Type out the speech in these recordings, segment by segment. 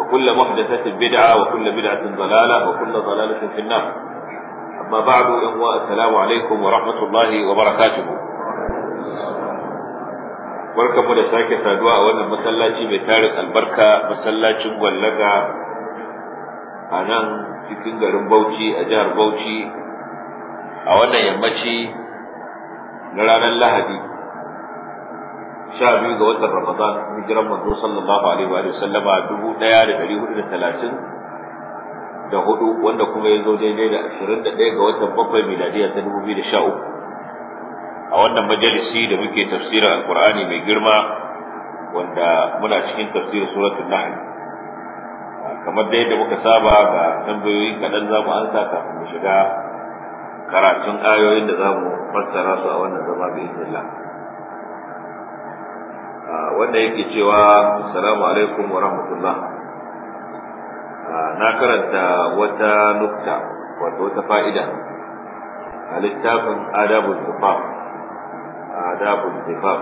وكل محدثة بدعة وكل بدعة ضلالة وكل ضلالة في النار أما بعد إخوة السلام عليكم ورحمة الله وبركاته barkamu da sake saduwa a wannan masallaci mai tarin albarka masallacin gwallaga a nan cikin garin bauchi a jihar bauchi a wannan yammaci na ranar lahadi sha biyu ga watan Ramadan hijiran manzo sallallahu alaihi wa sallama dubu ɗaya da ɗari hudu da talatin da hudu wanda kuma ya zo daidai da ashirin da ɗaya ga watan bakwai miladiya ta dubu biyu da sha uku a wannan majalisi da muke tafsirin Alƙur'ani mai girma wanda muna cikin tafsirin suratul nahl kamar dai da muka saba ga tambayoyi kaɗan za mu ansa kafin mu shiga karatun ayoyin da za mu fassara su a wannan zama bi Allah. wanda yake cewa assalamu alaikum wa rahmatullah na karanta wata nukta wato wata fa'ida a littafin Adabun zufaf Adabun zufaf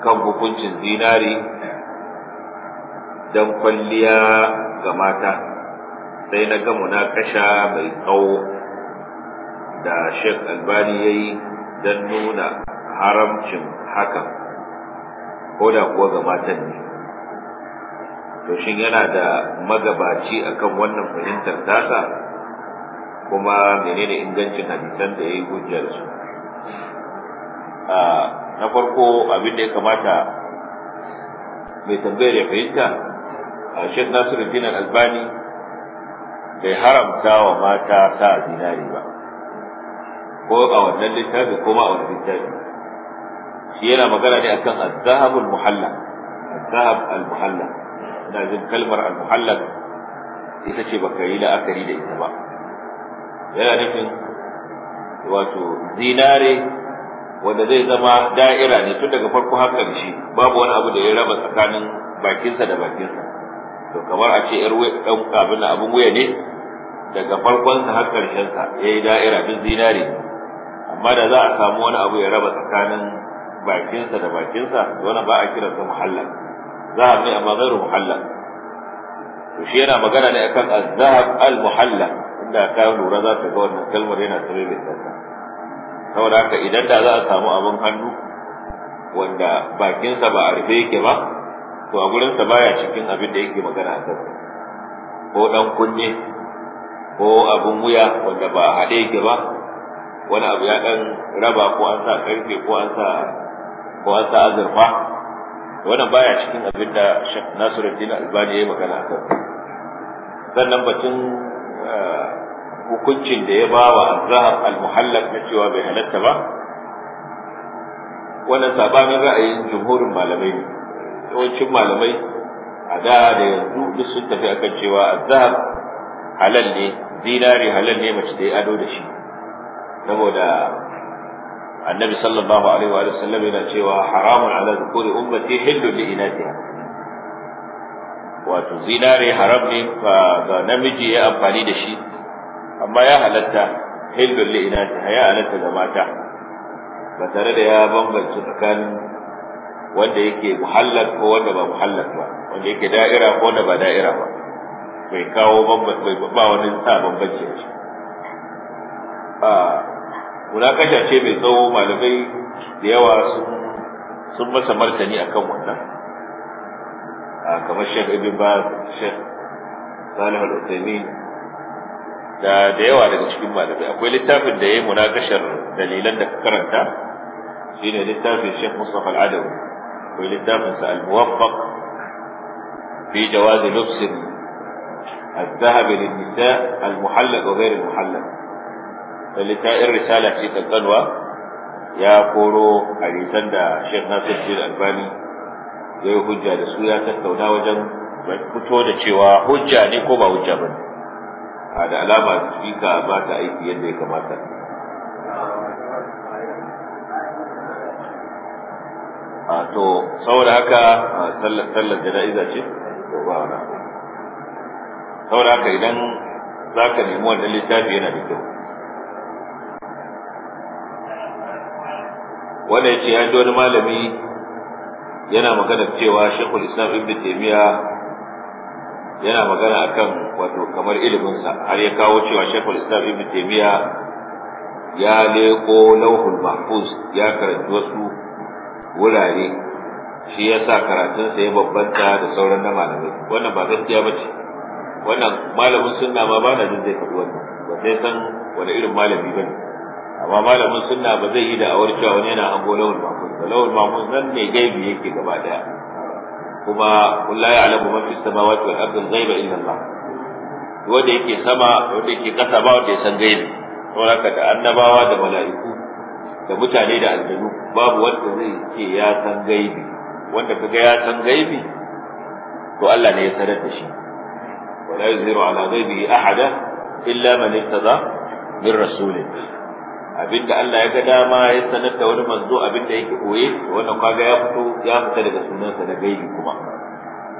kan hukuncin zinari don kwalliya ga mata sai na na kasha mai tsawo da shek albani ya yi don nuna haramcin hakan ko da kuwa ga matan ne to shin yana da magabaci akan wannan fahimtar tasa kuma menene ingancin hadisan da yayi hujjar su na farko abin da ya kamata mai tambayar ya fahimta a shek dinar albani bai haramta wa mata sa zinari ba ko a wannan littafi ko ma a wannan littafi yana magana ne akan az-zahab al-muhalla az-zahab al-muhalla da jin kalmar al-muhalla ita ce baka yi la'akari da ita ba yana nufin wato zinare wanda zai zama da'ira ne tun daga farko har ƙarshe babu wani abu da ya raba tsakanin bakinsa da bakinsa to kamar a ce yar ɗan abin abin wuya ne daga farkonsa har ƙarshensa ya yi da'ira bin zinare amma da za a samu wani abu ya raba tsakanin bakinsa da bakinsa wani ba a kiransa muhallal zahab ne amma ghairu muhallal to shi yana magana ne akan az-zahab al-muhallal inda ka lura za ka ga wannan kalmar yana tare da tsaka saboda haka idan da za a samu abin hannu wanda bakinsa ba a rufe yake ba to a gurinsa baya cikin abin da yake magana a kansa ko dan kunne ko abin wuya wanda ba a haɗe yake ba wani abu ya ɗan raba ko an sa ƙarfe ko an sa ko an sa azurfa wannan baya cikin abin da Sheikh Nasiruddin Albani ya magana a sannan batun eh, hukuncin da ya ba wa zahar al-muhallaq na cewa bai halatta ba wannan sabanin ra'ayin jumhurin malamai ne yawancin malamai a da da yanzu duk sun tafi akan cewa azhar halal ne zinari halal ne mace da ya ado da shi saboda annabi sallallahu alaihi wa sallam yana cewa haramun ala dhukuri ummati hillu li inatiha wato zinare haram ne ga namiji ya amfani da shi amma ya halatta hillu li inatiha ya halatta ga mata ba tare da ya bambance tsakanin wanda yake muhallal ko wanda ba muhallal ba wanda yake da'ira ko wanda ba da'ira ba bai kawo ba wani sa bambanci a ah, ciki munakasha ce mai tsawo malamai da yawa sun masa martani akan wannan a kamar shek ibn baz shek salih al-uthaymin da da yawa daga cikin malamai akwai littafin da yayi munakashar dalilan da karanta shine littafin shek mustafa al-adawi akwai littafin sa al-muwaffaq fi jawaz lubs الذهب للنساء المحلق وغير المحلق littafin risala ce kankanwa ya koro hadisan da Sheikh Nasir Albani ya hujja da su ya tattauna wajen fito da cewa hujja ne ko ba hujja ba a da alama spika ba ta aiki yadda ya kamata a to saboda haka sallar sallar jana'iza ce to ba wani saboda haka idan za ka nemi wannan littafi yana da kyau Wannan ya ce ya wani malami yana magana cewa shekul islam ibn taimiya yana magana akan wato kamar iliminsa har ya kawo cewa shekul islam ibn taimiya ya leko lauhul mahfuz ya karanci wasu wurare shi ya sa sa ya babbanta da sauran na malamai wannan ba gaskiya ba ce wannan malamin sunna ma ba na jin zai faɗi wannan ba sai san wani irin malami ba ne amma malamin sunna ba zai yi da awar cewa wani yana hango lawal mahfuz ba lawal mahfuz nan ne gaibi yake gaba daya kuma qul la ya'lamu man wato samawati abin ardi ghaiba illa Allah wanda yake sama wanda yake kasa ba wanda ya san gaibi saboda haka da annabawa da mala'iku da mutane da aljanu babu wanda zai ce ya san gaibi wanda kaga ya san gaibi to Allah ne ya sanar da shi wala yuziru ala ghaibihi ahada illa man irtada min rasulin abinda Allah ya ga dama ya sanar da wani manzo abinda yake koye wannan kaga ya fito ya fita daga sunansa na gaibi kuma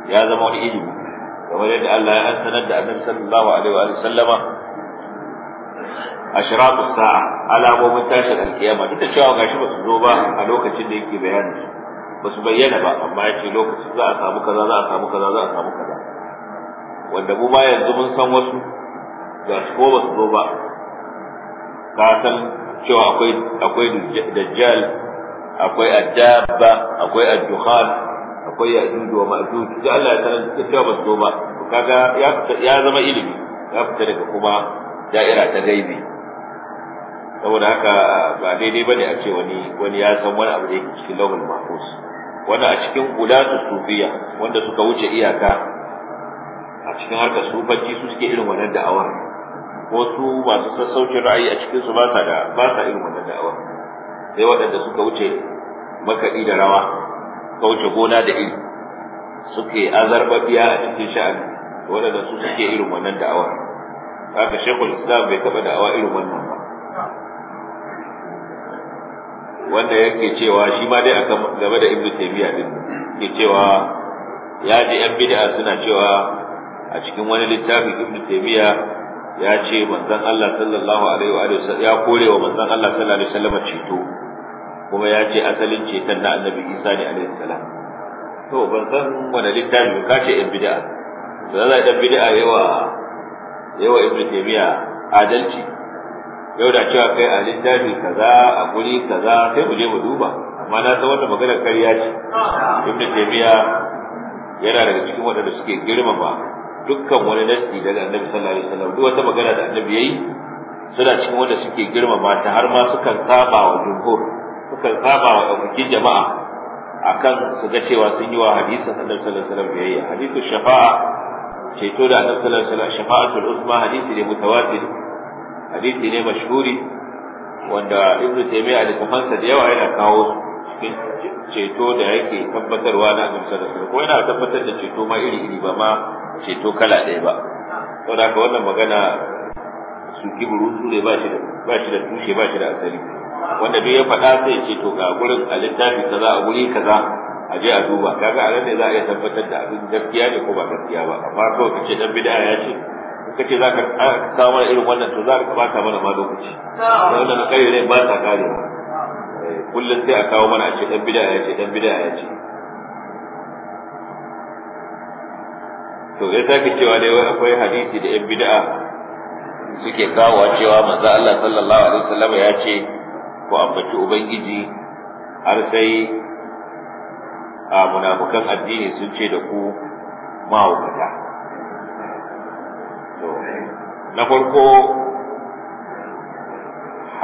ya zama wani ilimi kamar yadda Allah ya sanar da Annabi sallallahu alaihi wa sallama ashratu sa'a alamomin tashin alkiyama duk da cewa gashi ba su zo ba a lokacin da yake bayani ba su bayyana ba amma ya ce lokacin za a samu kaza za a samu kaza za a samu kaza wanda mu ba yanzu mun san wasu ga su ko ba su zo ba ka san cewa akwai akwai dajjal akwai Adaba, akwai addukhan akwai yajuj wa majuj duk Allah ya sanar da cewa ba zo ba kaga ya ya zama ilimi ya fita daga kuma da'ira ta gaibi saboda haka ah, ba daidai bane a ce wani wani ya san wani abu da yake cikin lawhul mahfuz wanda a cikin ulatu sufiya wanda suka wuce iyaka a cikin harkar sufanci su suke irin wannan da'awar wasu masu sassaucin ra'ayi a cikin su ba sa da ba sa irin wannan da'awar, sai waɗanda suka wuce makaɗi da rawa suka wuce gona da iri suke azarbabiya a cikin sha'ani waɗanda su suke irin wannan da'awa haka shekul islam bai taɓa da'awa irin wannan ba wanda yake cewa shi ma dai akan game da ibnu taymiya din ke cewa ya ji yan bid'a suna cewa a cikin wani littafi ibnu taymiya ya ce manzon Allah sallallahu alaihi wa sallam ya kore wa manzon Allah sallallahu alaihi wa wasallam ceto kuma ya ce asalin ceton na annabi Isa ne alaihi salam to ban san wani littafi ka ce in bid'a to za ta bid'a yawa yawa ibnu taymiya adalci yau da cewa kai a littafi kaza a guri kaza sai mu je mu duba amma na san wannan magana kariya ce ibnu taymiya yana daga cikin wadanda suke girmama dukkan wani nasi daga annabi sallallahu alaihi wasallam duk wata magana da annabi yayi suna cikin wanda suke girmama ta har ma sukan saba wa jumhur sukan saba wa dukkan jama'a akan su ga cewa sun yi wa hadisin annabi sallallahu alaihi wasallam biyayya hadisu shafa'a ceto da annabi sallallahu alaihi wasallam shafa'atul usma hadisi ne mutawatir hadisi ne mashhuri wanda ibnu taymiya da kafansa da yawa yana kawo cikin ceto da yake tabbatarwa na annabi sallallahu alaihi wasallam ko yana tabbatar da ceto ma iri iri ba ma ceto kala ɗaya ba wadda ka wannan magana su kiburu su ne ba shi da ba shi da tushe ba shi da asali wanda duk ya faɗa sai ce to ga gurin a littafi kaza a guri kaza a je a duba kaga a nan ne za a iya tabbatar da abin gaskiya ne ko ba gaskiya ba amma kawai kace dan bid'a ya ce ka ce za ka kawo mana irin wannan to za ka bata mana ma lokaci da wannan na kare ne ba ta kare eh, kullum sai a kawo mana a ce dan bid'a ya ce dan bid'a ya ce to ya sake cewa dai wai akwai hadisi da yan bid'a suke kawowa cewa manzo Allah sallallahu alaihi wasallam ya ce ku ambaci ubangiji har sai a munafukan addini sun ce da ku mahaukata to na farko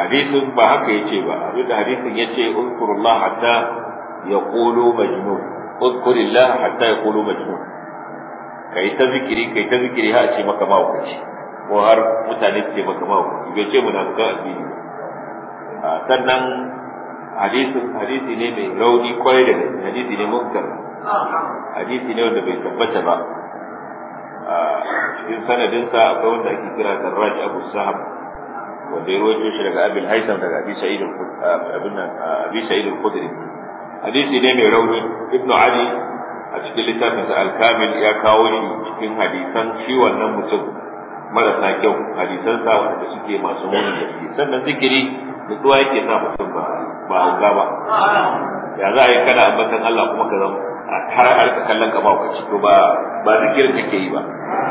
hadisin ba haka yace ba abinda hadisin yace uzkurullah hatta yaqulu majnun uzkurillah hatta yaqulu majnun kai ta zikiri kai ta zikiri har ce maka mahaukaci ko har mutane ce maka mahaukaci bai ce munafikan addini a sannan hadisin hadisi ne mai rauni kwarai da gaske hadisi ne munkar hadisi ne wanda bai tabbata ba A cikin sanadinsa akwai wanda ake kira Zarraj Abu Sahab wanda ya rawaito shi daga Abil Haisam daga Abi Sa'id al-Khudri Abi Sa'id al-Khudri hadisi ne mai rauni ibnu Ali a cikin al alkamil ya kawo shi cikin hadisan shi wannan mutum marasa kyau hadisan hadisansa wanda suke masu muni da shi sannan zikiri nutsuwa yake sa mutum ba ba hauka ba ya za a yi kana ambatan Allah kuma ka zama a kara arka kallon ka ba ka ci ba ba zikirin kake yi ba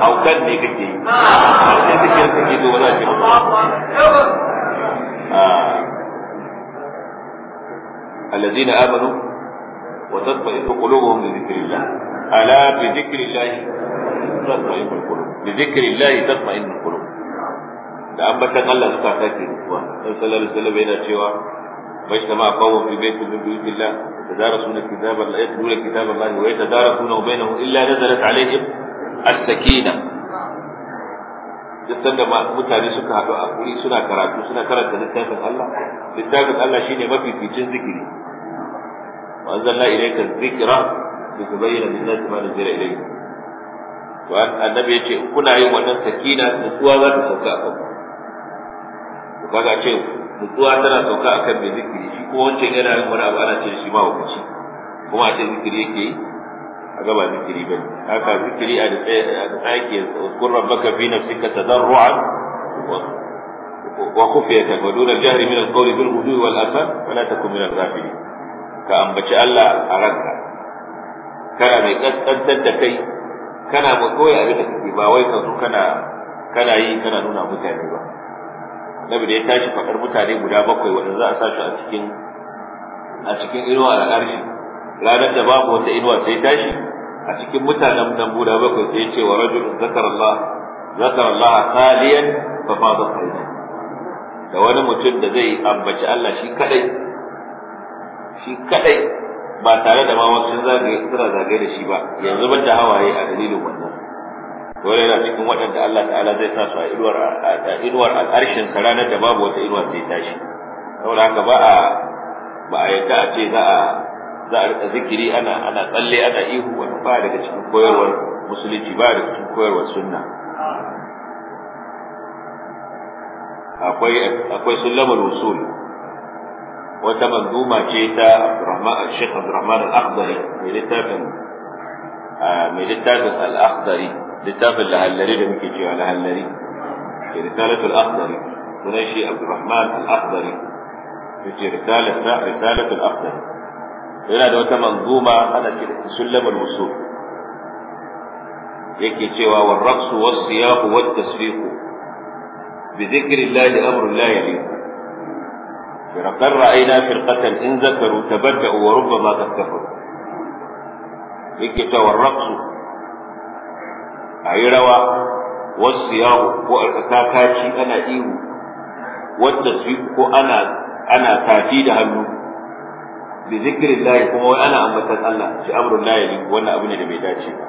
haukan ne kake yi ne zikirin kake zo ba za a ce maka الذين آمنوا ah. وتطمئن قلوبهم بذكر الله ألا بذكر الله تطمئن القلوب بذكر الله تطمئن القلوب da ambatan Allah suka sake zuwa Dan sallallahu alaihi wasallam yana cewa bai sama qawm fi baitin min buyutillah tadarasuna kitab Allah yatluna kitab Allah wa yatadarasuna bainahum illa nazalat alaihim as-sakina duk sanda mutane suka haɗu a wuri suna karatu suna karanta littafin Allah littafin Allah shine mafificin zikiri وانزلنا اليك الذكرى لتبين للناس ما نزل اليك وان النبي يجي كنا يوم ونن سكينة نسوى ذات سوكا أكبر وقال أشيء نسوى تنا سوكاء أكبر بذكري شيء كون غير أنا يوم أنا أنا شيء ما هو كما أشيء ذكري كي أجاب ذكري بل هكذا ذكري أن اذكر ربك في نفسك تضرعا وخفية ودون الجهر من القول بالغدو والأثر فلا تكن من الغافلين ka ambaci Allah a ranka kana mai kaskantar da kai kana ba koyi abin da kake ba wai ka zo kana kana yi kana nuna mutane ba annabi da ya tashi faɗar mutane guda bakwai wanda za a sa shi a cikin a cikin inuwa da arshi ranar da babu wata inuwa sai tashi a cikin mutanen nan guda bakwai sai ya ce wa rajulun Zakar Allah zakar Allah taliyan fa fadat da wani mutum da zai ambaci Allah shi kadai shi kadai ba tare da ma wasu zagaye suna zagaye da shi ba yanzu ban da hawaye a dalilin wannan dole yana cikin waɗanda Allah ta'ala zai sa su a inuwar a inuwar al'arshin sa ranar da babu wata inuwar zai tashi saboda haka ba a ba a yadda a ce za a za a rika zikiri ana ana tsalle ana ihu wani ba daga cikin koyarwar musulunci ba daga cikin koyarwar sunna akwai akwai sullamul usul wata manzuma ce ta Abdurrahman Sheikh Abdurrahman Al-Akhdari mai littafin mai littafin Al-Akhdari littafin Lahallari da muke cewa Lahallari ke risalatul Akhdari sunan shi Abdurrahman Al-Akhdari yace risalarsa risalatul Akhdari yana da wata manzuma ana ce da sulamul musul yake cewa war raqsu was siyaqu wat tasfiqu bi dhikri Allah amrul la yaliqu لقد رأينا فرقة إن ذكروا تبدأوا وربما قد كفروا yake tawarraksu a yi rawa wasu yawo ko a tsakakaci ana ihu wadda su ko ana ana tafi da hannu bi kuma wai ana ambatan Allah shi amrun layi ne wannan abu ne da bai dace ba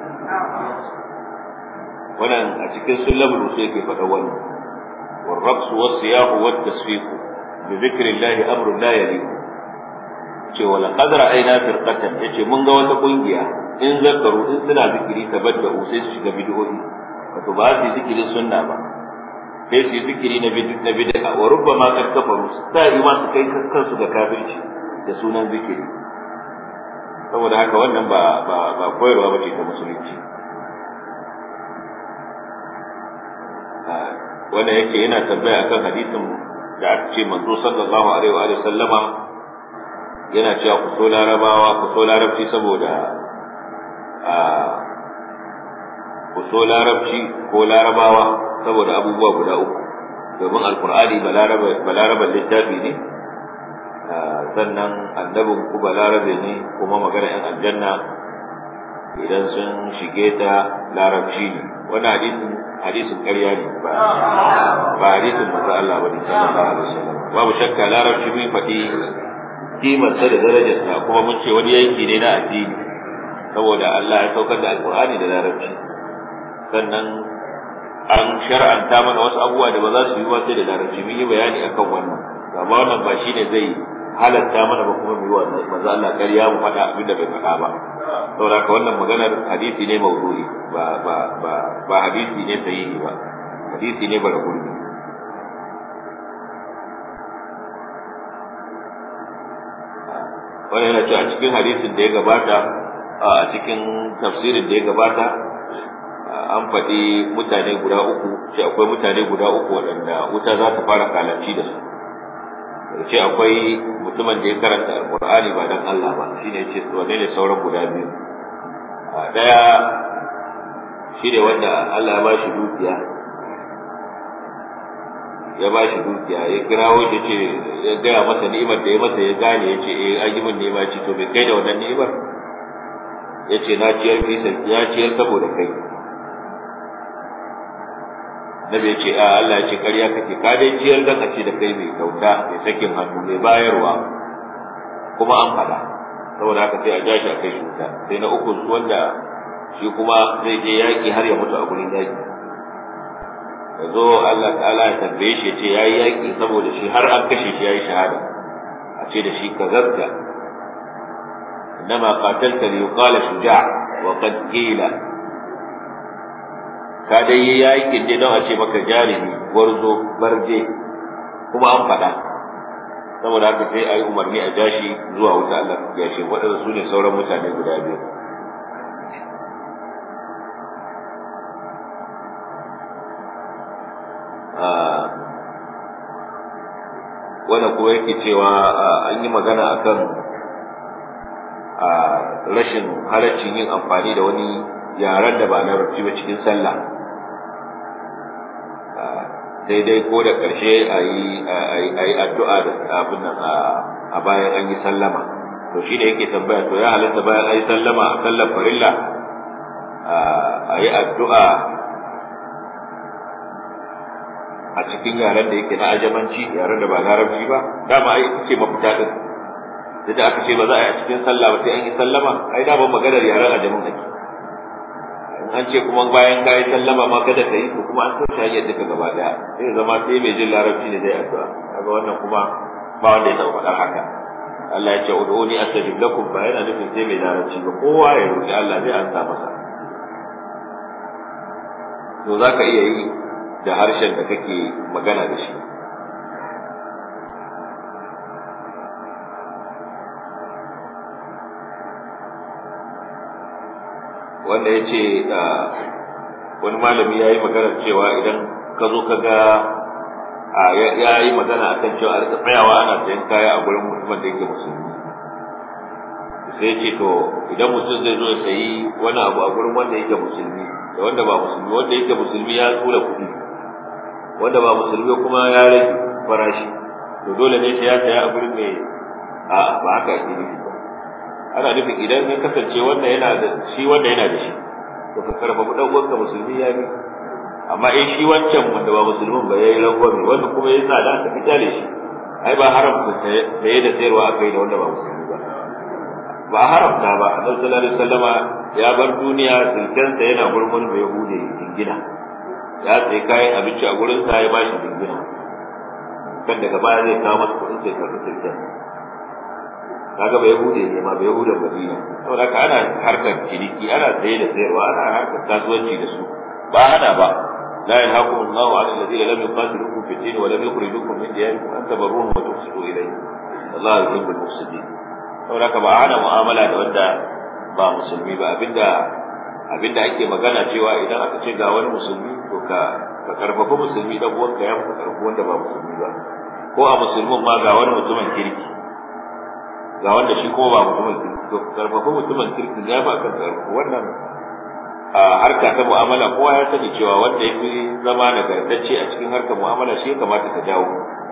wannan a cikin sullabul rusul yake faɗa wannan warraksu wasu yawo wadda su ko bi zikrillahi amrun la yaliqu ce wala qadra aina firqatan yace mun ga wata kungiya in zakaru in suna zikiri tabadda sai su shiga bid'o'i wato ba su zikirin sunna ba sai su zikiri na bid'a bid'a wa rubbama qad kafaru sai ma su kai kansu ga kafirci da sunan zikiri saboda haka wannan ba ba ba koyarwa bace ta musulunci ah, wannan yake yana tambaya akan hadisin da aka ce manzo sallallahu alaihi wa sallama yana cewa ku so larabawa ku so larabci saboda ku so larabci ko larabawa saboda abubuwa guda uku domin alkur'ani balaraban littafi ne sannan annabin ku balarabe ne kuma magana yan aljanna idan sun shige ta larabci ne wani hadisin hadisin ƙarya ne ba ba hadisin masu Allah bane sallallahu alaihi wasallam babu shakka larabci mun faɗi kimar sa da sa kuma mun ce wani yanki ne na addini saboda Allah ya saukar da alqur'ani da larabci sannan an shar'anta mana wasu abubuwa da ba za su yi ba sai da larabci mun yi bayani akan wannan amma wannan ba shine zai halatta mana ba kuma mu yi wa manzo Allah ƙarya mu faɗa abin da bai faɗa ba saboda ka wannan maganar hadisi ne mawdu'i ba ba ba ba hadisi ne ba hadisi ne bara gurbi wannan yana cewa cikin hadisin da ya gabata a cikin tafsirin da ya gabata an faɗi mutane guda uku sai akwai mutane guda uku waɗanda wuta za ta fara kalanci da su ce akwai mutumin da ya karanta Alƙur'ani ba dan Allah ba Shi ne, to ne ne sauran guda biyu A daya ne wanda Allah ya bashi dukiya ya ba shi dukiya ya kirawo ya ce ya gaya masa ni'imar da ya masa ya gane ya ce eh an yi min ni'ima ce to bai kai da wannan ni'imar ya ce na ciyar fi ya ciyar saboda kai nabi ce a ah, Allah ce karya kake ka dai ciyar dan a ce da kai mai kyauta mai sakin hannu mai bayarwa kuma an faɗa saboda haka sai a ja shi a kai shi sai na uku su wanda shi kuma zai je yaƙi har ya mutu a gurin yaƙi ya zo Allah ta'ala ya tambaye shi ya ce yayi yaƙi saboda shi har an kashe shi yayi shahada a ce da shi ka zarta innama qatalta li yuqala shuja' wa qad qila ka dai yi yakin kinje don a ce maka jarumi gwarzo barje kuma an faɗa saboda haka sai a yi umarni a jashi zuwa wuta Allah ya shi waɗanda su ne sauran mutane guda biyu ah, wanda kuma yake cewa ah, an yi magana akan ah, rashin halaccin yin amfani da wani yaren da ba na larabci ba cikin sallah sai dai ko da ƙarshe a yi addu'a da abin nan a bayan an yi sallama to shi da yake tambaya to ya halatta bayan an yi sallama a sallar farilla a yi addu'a a cikin yaren da yake na ajamanci yaren da ba larabci ba dama ai ce mafita din da aka ce ba za a yi a cikin sallah ba sai an yi sallama ai da maganar yaren ajamin ake an ce kuma bayan ka yi sallama ma kada ka yi kuma an toshe hanyar duka gaba daya sai zama sai mai jin larabci ne zai addu'a kaga wannan kuma ba wanda ya taɓa faɗar haka Allah ya ce ud'uni astajib lakum ba yana nufin sai mai larabci ba kowa ya roƙi Allah zai ansa masa to za ka iya yi da harshen da kake magana da shi wanda ya ce ah, wani malami ya yi magana cewa idan ka zo ka ga ya yi magana a kan cewa a rika tsayawa ana sayan kaya a gurin mutumin da yake musulmi sai ce to idan mutum zai zo ya sayi wani abu a gurin wanda yake musulmi da wanda ba musulmi wanda yake musulmi ya tura kuɗi wanda ba musulmi kuma ya rage farashi to dole ne sai ya saya a gurin mai a ba haka shi ne ana nufin idan ya kasance wanda yana da shi wanda yana da shi to ka mu dan uwanka musulmi ya bi amma in shi wancan wanda ba musulmin ba yayi rangwame wanda kuma ya da ka fi kyale shi ai ba haram ta saye da sayarwa akai da wanda ba musulmi ba ba haramta ba annabi sallallahu alaihi wasallama ya bar duniya sulkensa yana gurgun bai hude dingina ya sai kayan abinci a gurin sa ya bashi dingina kan daga baya zai kawo masa kuɗin sai karɓi sulkensa kaga ba hude ne ma bai hude madina da ka ana harkar ciniki ana saye da sayarwa ana harkar kasuwanci da su ba hana ba la yanhaqu Allahu 'ala alladhina lam yuqatilukum fid din wa lam yukhrijukum min diyarikum an tabarruhum wa tuqsitu ilayhi Allahu yuhibbul muqsitin da ka ba hana mu'amala da wanda ba musulmi ba abinda abinda ake magana cewa idan aka ce ga wani musulmi to ka ka karfafa musulmi dan uwanka ya fi karfafa wanda ba musulmi ba ko a musulmin ma ga wani mutumin kirki ga wanda shi kuma ba mutumin kirki to karfafa mutumin kirki ya ba kan karfafa wannan harka ta mu'amala kowa ya sani cewa wanda ya fi zama gardace a cikin harka mu'amala shi ya kamata ka jawo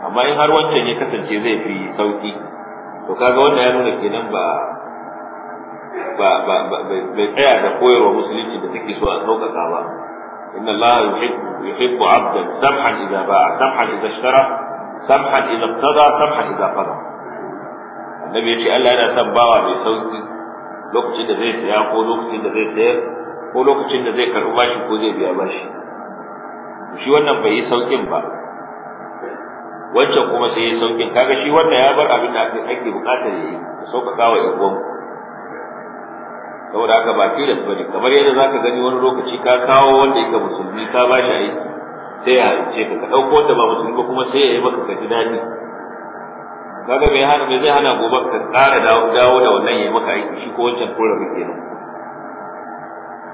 amma in har wancan ya kasance zai fi sauki to kaga wanda ya nuna kenan ba ba ba bai tsaya da koyarwa musulunci da take so a sauƙaƙa ba inna allaha yuhibbu yuhibbu 'abdan samhan idza ba'a samhan idza ishtara samhan idza ibtada samhan idza qada annabi ya ce Allah yana son bawa mai sauki lokacin da zai saya ko lokacin da zai sayar ko lokacin da zai karɓi bashi ko zai biya bashi shi wannan bai yi saukin ba wancan kuma sai ya saukin kaga shi wannan ya bar abin da ake buƙatar ya yi ka sauƙaƙa wa ƴan saboda haka ba tilas bane kamar yadda zaka gani wani lokaci ka kawo wanda yake musulmi ka bashi aiki sai ya ce ka ka ɗauko wanda ba musulmi ba kuma sai ya yi maka ka ji daɗi kaga me hana me zai hana gobe ka ƙara dawo dawo da wannan yayi maka aiki shi ko wancan korar rike ne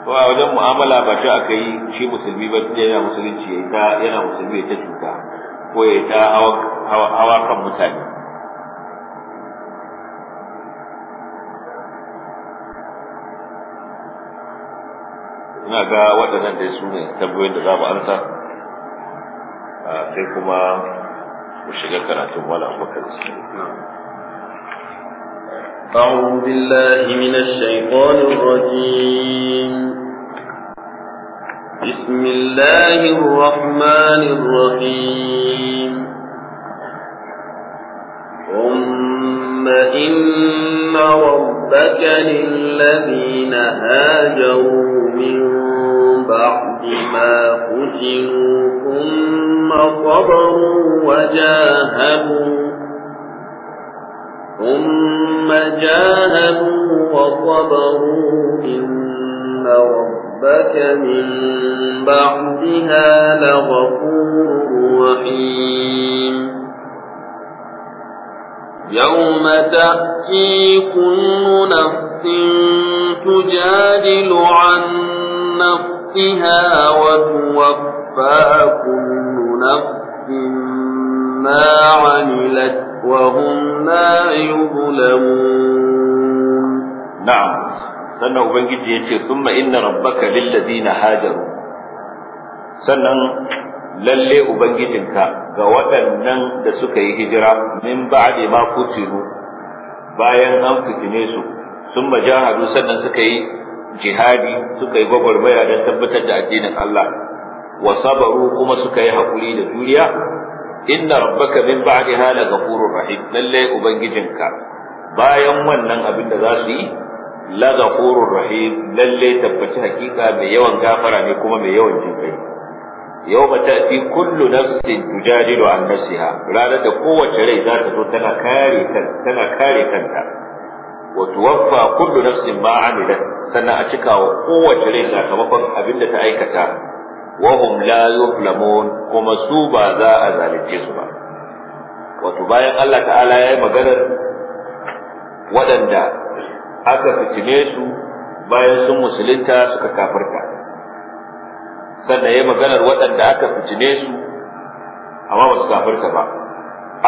to a wajen mu'amala ba shi aka yi shi musulmi ba tunda yana musulunci yayi ta yana musulmi ta cuta ko yayi ta hawa kan mutane ina ga waɗannan dai su ne tambayoyin da za mu ansa ah, sai kuma mu shiga karatun أعوذ بالله من الشيطان الرجيم بسم الله الرحمن الرحيم ثم إن ربك للذين هاجروا من بعد ما فتنوا ثم ثم صبروا وجاهدوا ثم جاهدوا وصبروا إن ربك من بعدها لغفور رحيم يوم تأتي كل نفس تجادل عن نفسها وتوفى كل نفس ما عملت وهم لا يظلمون نعم sannan ubangiji ya ce summa inna rabbaka lillazina hajaru sannan lallai ubangijinka ga waɗannan da suka yi hijira min ba'de ma kutiru bayan an fitine su sun majahadu sannan suka yi jihadi sukayi yi gwagwarmaya don tabbatar da addinin Allah wa sabaru kuma suka yi haƙuri da juriya inna rabbaka min ba'daha la ghafurur rahim lalle ubangijinka bayan wannan abin da za su yi la ghafurur rahim lalle tabbaci hakika mai yawan gafara ne kuma mai yawan jinkai yawma ta'ti kullu nafsin tujadilu an nafsiha ranar da kowace rai za ta zo tana kare kanta tana kare kanta wa tuwaffa kullu nafsin ma amilat sannan a cika wa kowace rai sakamakon abin da ta aikata wahum la yuflamun kuma su ba za a zalunce su ba wato bayan Allah ta'ala ya yi maganar waɗanda aka fitine su bayan sun musulunta suka kafirta sannan ya maganar waɗanda aka fitine su amma ba su kafirta ba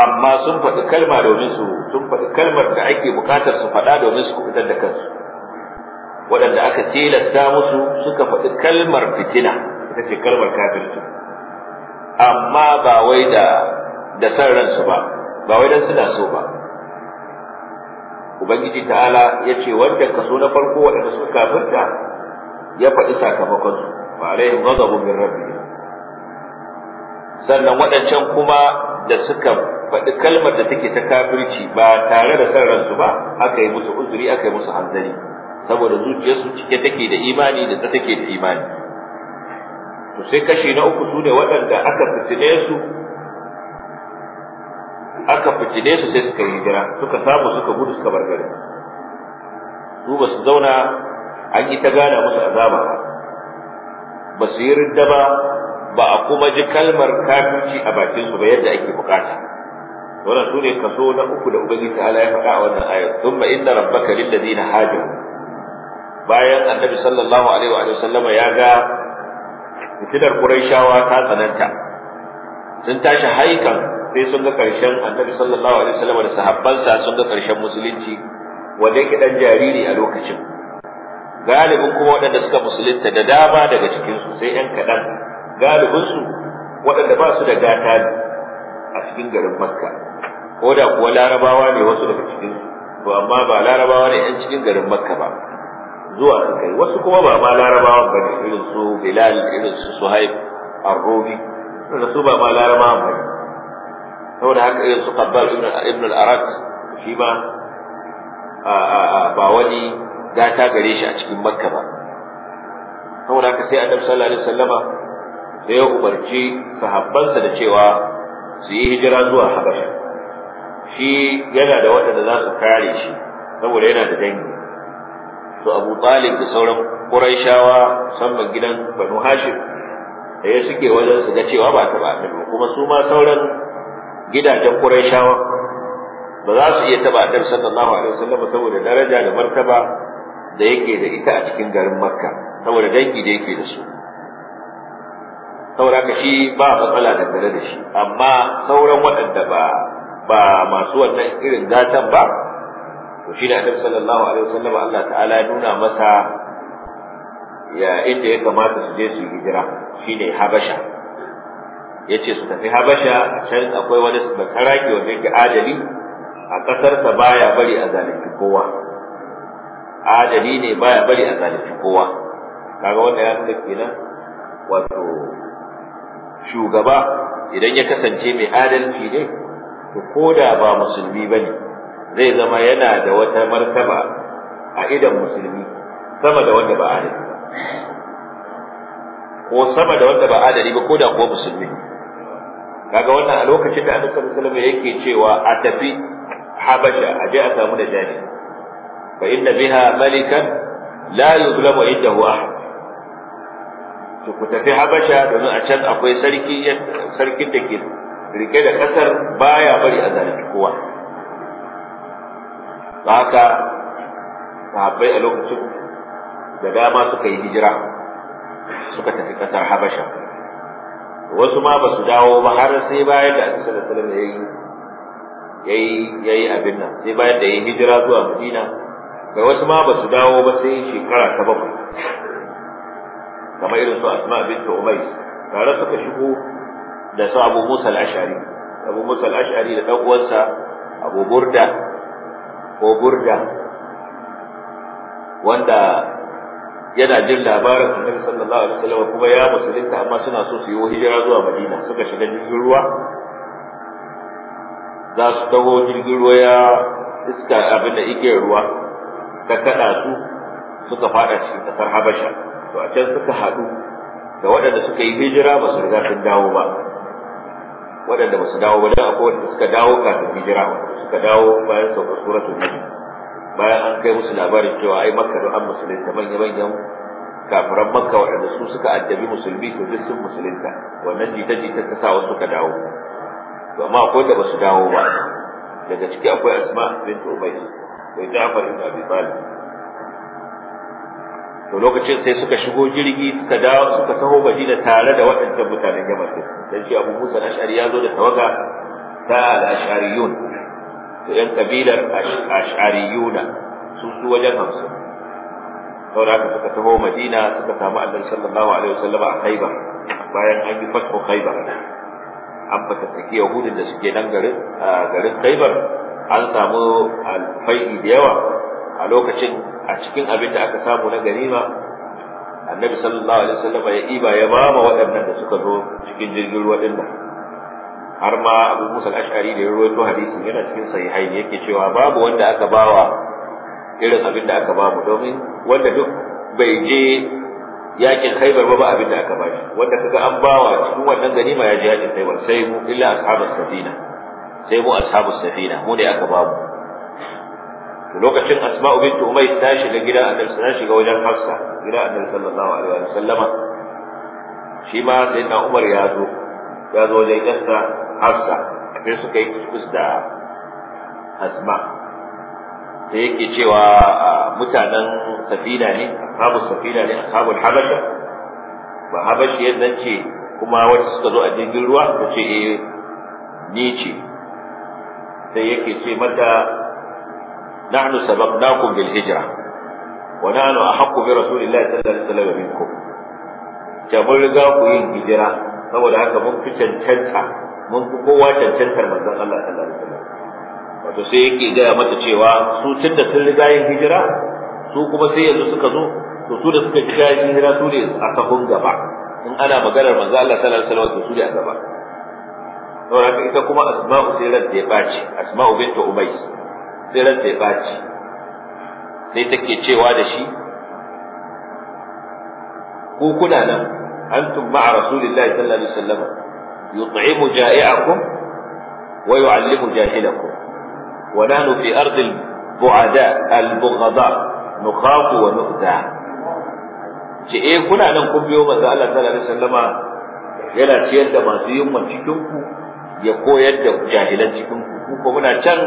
amma sun faɗi kalma domin su sun faɗi kalmar da ake buƙatar su faɗa domin su kubutar da kansu waɗanda aka tilasta musu suka faɗi kalmar fitina ita ce kalmar kafirci amma ba wai da da san ransu ba ba wai dan suna so ba ubangiji ta'ala ya ce wanda kaso na farko waɗanda suka kafirta ya faɗi sakamakon su fa alaihim ghadabun min rabbihim sannan waɗancan kuma da suka faɗi kalmar da take ta kafirci ba tare da san ransu ba aka yi musu uzuri aka yi musu hanzari saboda zuciyarsu cike take da imani da ta take da imani to sai kashi na uku su ne waɗanda aka fitine su aka fitine su sai suka yi hijira suka samu suka gudu suka bar gari su ba su zauna an yi ta gana musu azaba ba ba su yi ridda ba ba a kuma ji kalmar kafirci a bakin su ba yadda ake bukata wannan su ne kaso na uku da ubangiji ta'ala ya faɗa a wannan ayar thumma inna rabbaka lil ladina hajaru bayan annabi sallallahu alaihi wa sallama ya ga fitilar Qurayshawa ta tsananta sun tashi haikan sai sun ga karshen Annabi sallallahu alaihi wasallam da sahabbansa sun ga karshen musulunci wanda yake dan jariri a lokacin galibin kuma waɗanda suka musulunta da dama daga cikin su sai ƴan kaɗan galibin su waɗanda ba su da gata a cikin garin Makka ko da kuwa larabawa ne wasu daga cikin su to amma ba larabawa ne ƴan cikin garin Makka ba zuwa su kai wasu kuma ba ma larabawan ba ne irin su bilal irin su suhaib arrobi da su ba ma larabawan bane saboda haka irin su qabbal ibn al-arak shi ba ba wani gata gare shi a cikin makka ba saboda haka sai annabi sallallahu alaihi wasallama sai ya umarci sahabbansa da cewa su yi hijira zuwa habasha shi yana da waɗanda za su kare shi saboda yana da dangi To abu talib da sauran ƙuraishawa musamman gidan banu hashim da ya suke wajen su ga cewa ba ta ba kuma su ma sauran gidajen ƙuraishawa ba za su iya taba annabi sallallahu alaihi wasallam saboda daraja da martaba da yake da ita a cikin garin makka saboda dangi da yake da su saboda haka shi ba matsala da tare da shi amma sauran waɗanda ba ba masu wannan irin zatan ba to shi ne annabi sallallahu alaihi wasallam Allah ta'ala ya nuna masa ya inda ya kamata su je su yi hijira shine habasha yace su tafi habasha can akwai wani ke wanda yake adali a sa baya bari a zalunci kowa adali ne baya bari a zalunci kowa kaga wanda ya nuna kenan wato shugaba idan ya kasance mai adalci ne to ko da ba musulmi bane zai zama yana da wata martaba a idan musulmi sama da wanda ba adali ko sama da wanda ba adali ba ko da kuwa musulmi kaga wannan a lokacin da annabi sallallahu alaihi wasallam yake cewa a tafi habasha a je a samu da jani fa inna biha malikan la yuzlamu indahu ahad to ku tafi habasha domin a can akwai sarki sarkin da ke rike da kasar baya bari a zalunci kowa haka sahabbai a lokacin da dama suka yi hijira suka tafi kasar habasha wasu ma ba su dawo ba har sai bayan da annabi sallallahu da wasallam yayi yayi abin nan sai bayan da yayi hijira zuwa madina ga wasu ma ba su dawo ba sai shekara ta bakwai kamar irin su asma bint umais tare suka shigo da su abu musa al-ashari abu musa al-ashari da ɗan uwansa abu burda ko burda wanda yana jin labarin annabi sallallahu alaihi wasallam kuma ya musulunta amma suna so su yi hijira zuwa madina suka shiga jirgin ruwa za su taho jirgin ruwa ya iska abin da igiyar ruwa ta kada su suka faɗa cikin ƙasar habasha to a can suka haɗu da waɗanda suka yi hijira ba su riga sun dawo ba waɗanda ba su dawo ba dan akwai wanda suka dawo kafin hijira suka dawo bayan saukar suratul nabi bayan an kai musu labarin cewa ai makka da an musulunta manya manyan kafiran makka waɗanda su suka addabi musulmi to duk sun musulunta wannan jita jita ta sa wasu suka dawo to amma akwai da ba su dawo ba daga ciki akwai asma bin ubayd da ja'far ibn abi talib to lokacin sai suka shigo jirgi suka dawo suka taho Madina tare da waɗannan mutanen Yaman din sai shi Abu Musa Ash'ari ya zo da tawaga ta al-Ash'ariyun to ɗan kabilar Ash'ariyuna su su wajen hamsin saboda haka suka taho Madina suka samu Annabi sallallahu alaihi wasallam a Khaibar bayan an yi fatu Khaibar an take Yahudin da suke nan garin garin Khaibar an samu al-fai'i da yawa a lokacin a cikin abin da aka samu na ganima annabi sallallahu alaihi wasallam ya iba ya bama waɗannan da suka zo cikin jirgin ruwa din nan har ma abu musa al-ash'ari da ya rawaito hadisin yana cikin sahihai yake cewa babu wanda aka bawa irin abin da aka bamu domin wanda duk bai je yakin khaibar ba ba abin da aka bashi wanda kaga an bawa cikin wannan ganima ya je yakin khaibar sai mu illa ashabus safina sai mu ashabus safina mu ne aka bamu lokacin asma'u bin umayr ta shiga gida annabi ta shiga wajen hafsa gida annabi sallallahu alaihi wa sallama shi ma sai na umar ya zo ya zo wajen yarsa hafsa sai suka yi kus da asma sai yake cewa mutanen safina ne ashabu safina ne ashabu habasha ba habashi yadda ce kuma wacce suka zo a jirgin ruwa ta ce eh ni ce sai yake ce mata نحن سبقناكم بالهجرة ونحن أحق برسول الله صلى الله عليه وسلم منكم minkum ta mun riga ku yin hijira saboda haka mun fi cancanta mun الله kowa cancantar manzon Allah wato sai yake gaya mata cewa su tun da sun riga yin hijira su kuma sai yanzu suka zo to su da suka riga yin hijira su ne a kafin gaba in ana maganar manzo Allah sallallahu alaihi wasallam su ne a gaba saboda haka ita kuma asma'u sai da ya bace asma'u bintu umays sai ran sai baci sai take cewa da shi ku kuna nan antum ma'a rasulillahi sallallahu alaihi wasallam yut'imu ja'i'akum wa yu'allimu jahilakum wa nahnu fi ardil buada al-bughada nukhafu wa nu'da ce eh kuna nan kun biyo manzo Allah sallallahu alaihi wasallama yana ciyar da masu yunwa cikin ku ya koyar da jahilan cikin ku ko muna can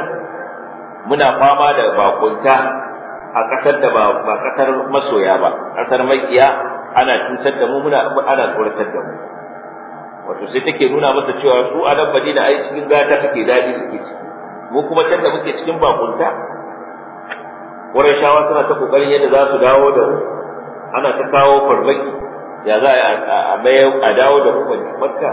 muna fama da bakunta a ƙasar da ba ƙasar masoya ba ƙasar makiya ana cutar da mu muna ana tsoratar da mu wato sai take nuna masa cewa su a nan Madina ai cikin gata suke daɗi suke ciki mu kuma can da muke cikin bakunta shawa suna ta kokarin yadda za su dawo da mu ana ta kawo farmaki ya za a a dawo da mu Makka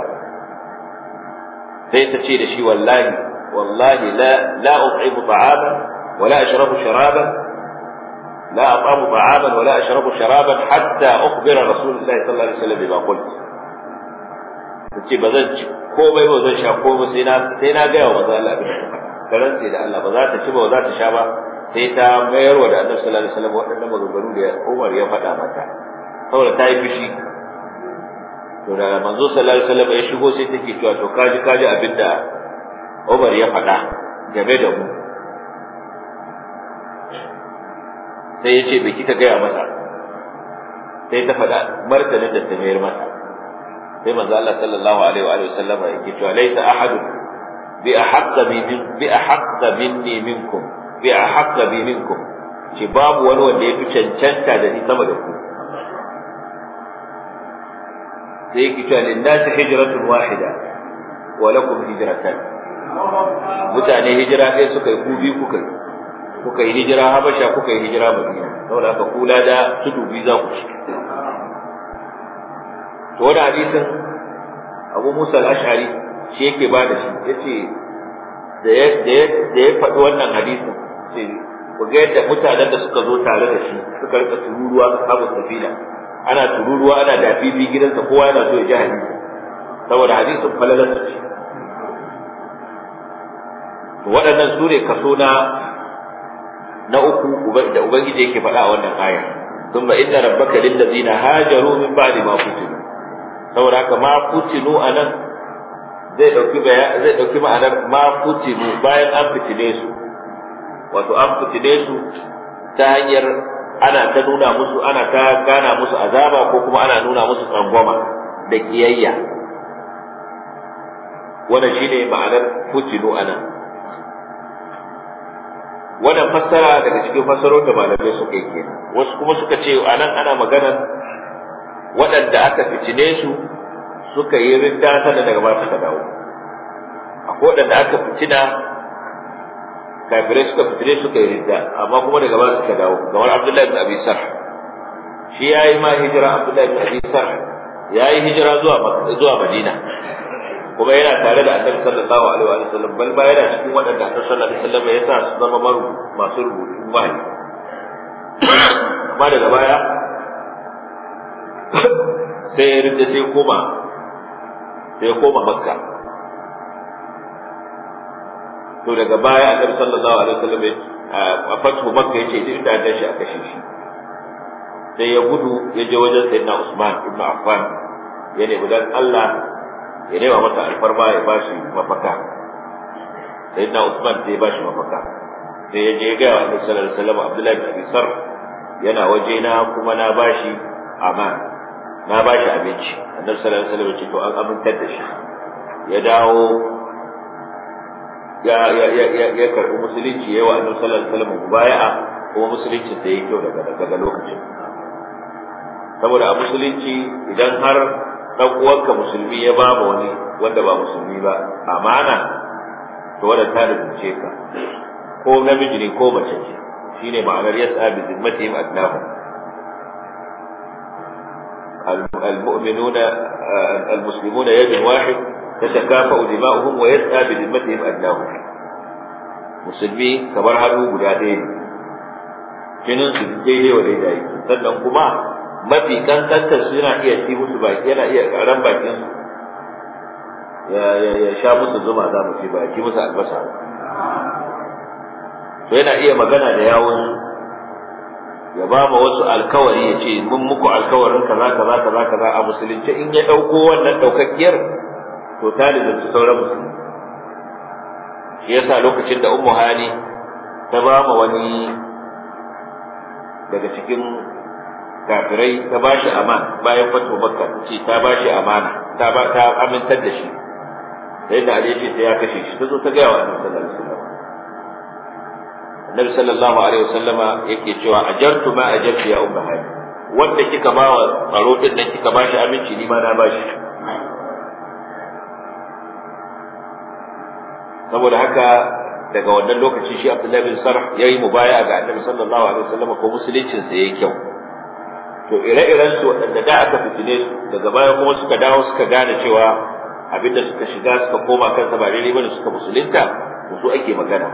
sai ta ce da shi wallahi والله لا لا أطعم طعاما ولا أشرب شرابا لا أطعم طعاما ولا أشرب شرابا حتى أخبر رسول الله صلى الله عليه وسلم بما قلت ce ba zan ci komai ba zan sha komai sai na sai na gaya wa manzo Allah bin karan sai da Allah ba za ta ci ba za ta sha ba sai ta mayar wa da Annabi sallallahu alaihi wasallam waɗannan maganganu da Umar ya faɗa mata saboda ta yi fushi to da manzo sallallahu alaihi wasallam ya shigo sai take cewa to kaji kaji abinda Umar ya faɗa game da mu sai ya ce bai kika gaya masa sai ta faɗa martanin da ta mayar masa sai manzo Allah sallallahu alaihi wa sallama yake cewa laisa ahadu bi ahqqa min bi ahqqa minni minkum bi ahqqa bi minkum ce babu wani wanda ya fi cancanta da ni sama da ku sai yake cewa linnasi hijratun wahida wa lakum hijratan mutane hijira ɗaya suka yi kubi kuka yi kuka yi hijira habasha kuka yi hijira madina saboda haka kula da tudu dubi za ku ci to wani hadisin abu musa al-ash'ari shi yake ba da shi Ya ce da ya faɗi wannan hadisin ce ku ga yadda mutanen da suka zo tare da shi suka rika tururuwa abu safina ana tururuwa ana bi gidansa kowa yana so ya ji hadisi saboda hadisin falalarsa ce waɗannan su ne kaso na na uku da ubangiji yake faɗa a wannan aya ثم إن ربك للذين هاجروا ba بعد ma فتنوا saboda haka ma futinu a nan zai ɗauki ma'anar ma futinu bayan an fitine su wato an fitine su ta hanyar ana ta nuna musu ana ta gana musu azaba ko kuma ana nuna musu tsangwama da kiyayya wannan shine ma'anar futinu a nan wannan fassara daga cikin fassarar da malamai suka yi kenan wasu kuma suka ce anan ana magana waɗanda aka fitine su suka yi ridda sana daga ba suka dawo akwai waɗanda aka fitina kafirai suka fitine suka yi ridda amma kuma daga ba suka dawo kamar Abdullahi bin Abi Sarh shi yayi ma hijira Abdullahi bin Abi Sarh yayi hijira zuwa zuwa Madina kuma yana tare da annabi sallallahu alaihi wa sallam bal ba yana cikin waɗanda annabi sallallahu alaihi wa sallam ya sa su zama masu rubutun wahayi amma daga baya sai ya rinda sai koma sai ya koma makka to daga baya annabi sallallahu alaihi wa sallam a fatu makka yace da inda da shi a kashe shi sai ya gudu ya je wajen sayyidina Usman ibn Affan ya nemi dan Allah ya nema mata alfarma ya ba shi mafaka sai na Usman zai ba shi mafaka sai ya je ga Annabi sallallahu alaihi wasallam Abdullahi bin Abi yana waje na kuma na ba shi amma na ba shi abinci Annabi sallallahu alaihi wasallam ya ce to an amintar da shi ya dawo ya ya ya ya karbi musulunci yayi wa Annabi sallallahu alaihi wasallam kuma musulunci da ya kyau daga daga lokacin saboda a musulunci idan har dan uwanka musulmi ya ba mu wani wanda ba musulmi ba amana to wanda ta rubuce ka ko namiji ne ko mace ce shine ma'anar yas'a bi zimmatihim adnahu المؤمنون المسلمون يد واحد تتكافأ دماؤهم ويسعى بذمتهم أدناهم musulmi kamar hannu guda ɗaya ne jinin su daidai wa daidai sannan kuma mafi kankanta su yana iya ci musu baki yana iya karan bakin su ya ya sha musu zuma za mu ci ba ci musu albasa to yana iya magana da yawon ya ba ma wasu alkawari ya ce mun muku alkawarin kaza kaza kaza kaza a musulunci in ya dauko wannan daukakkiyar to talibin su sauran musulmi shi yasa lokacin da ummu hani ta ba ma wani daga cikin kafirai ta ba shi amana bayan fato makka ce ta ba shi amana ta ba ta amintar da shi sai da ali ce sai ya kashe shi ta zo ta gaya wa annabi sallallahu alaihi wasallam annabi sallallahu alaihi wasallam yake cewa ajartu ma ajartu ya umma hadi wanda kika ba wa tsaro din nan kika ba shi aminci ni ma na ba shi saboda haka daga wannan lokaci shi Abdullahi bin Sarh yayi mubaya'a ga Annabi sallallahu alaihi wasallam ko musuluncinsa yayi kyau to ire-iren su waɗanda da aka fitine su daga baya kuma suka dawo suka gane cewa abinda suka shiga suka koma kansa ba daidai bane suka musulunta to su ake magana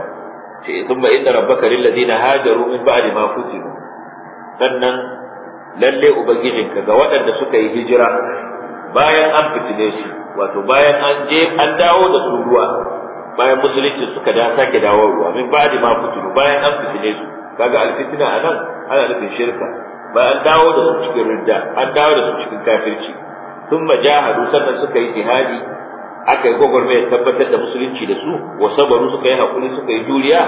ce ba inda rabbaka lil ladina hajaru min ba'di ma futinu sannan lalle ka ga waɗanda suka yi hijira bayan an fitine su wato bayan an je an dawo da su ruwa bayan musulunci suka da sake dawo ruwa min ba'di ma futinu bayan an fitine su kaga alfitina anan ana nufin shirka ba an dawo da su cikin ridda an dawo da su cikin kafirci sun majahadu sannan suka yi jihadi aka yi gwagwarmayar tabbatar da musulunci da su wa sabaru suka yi haƙuri suka yi juriya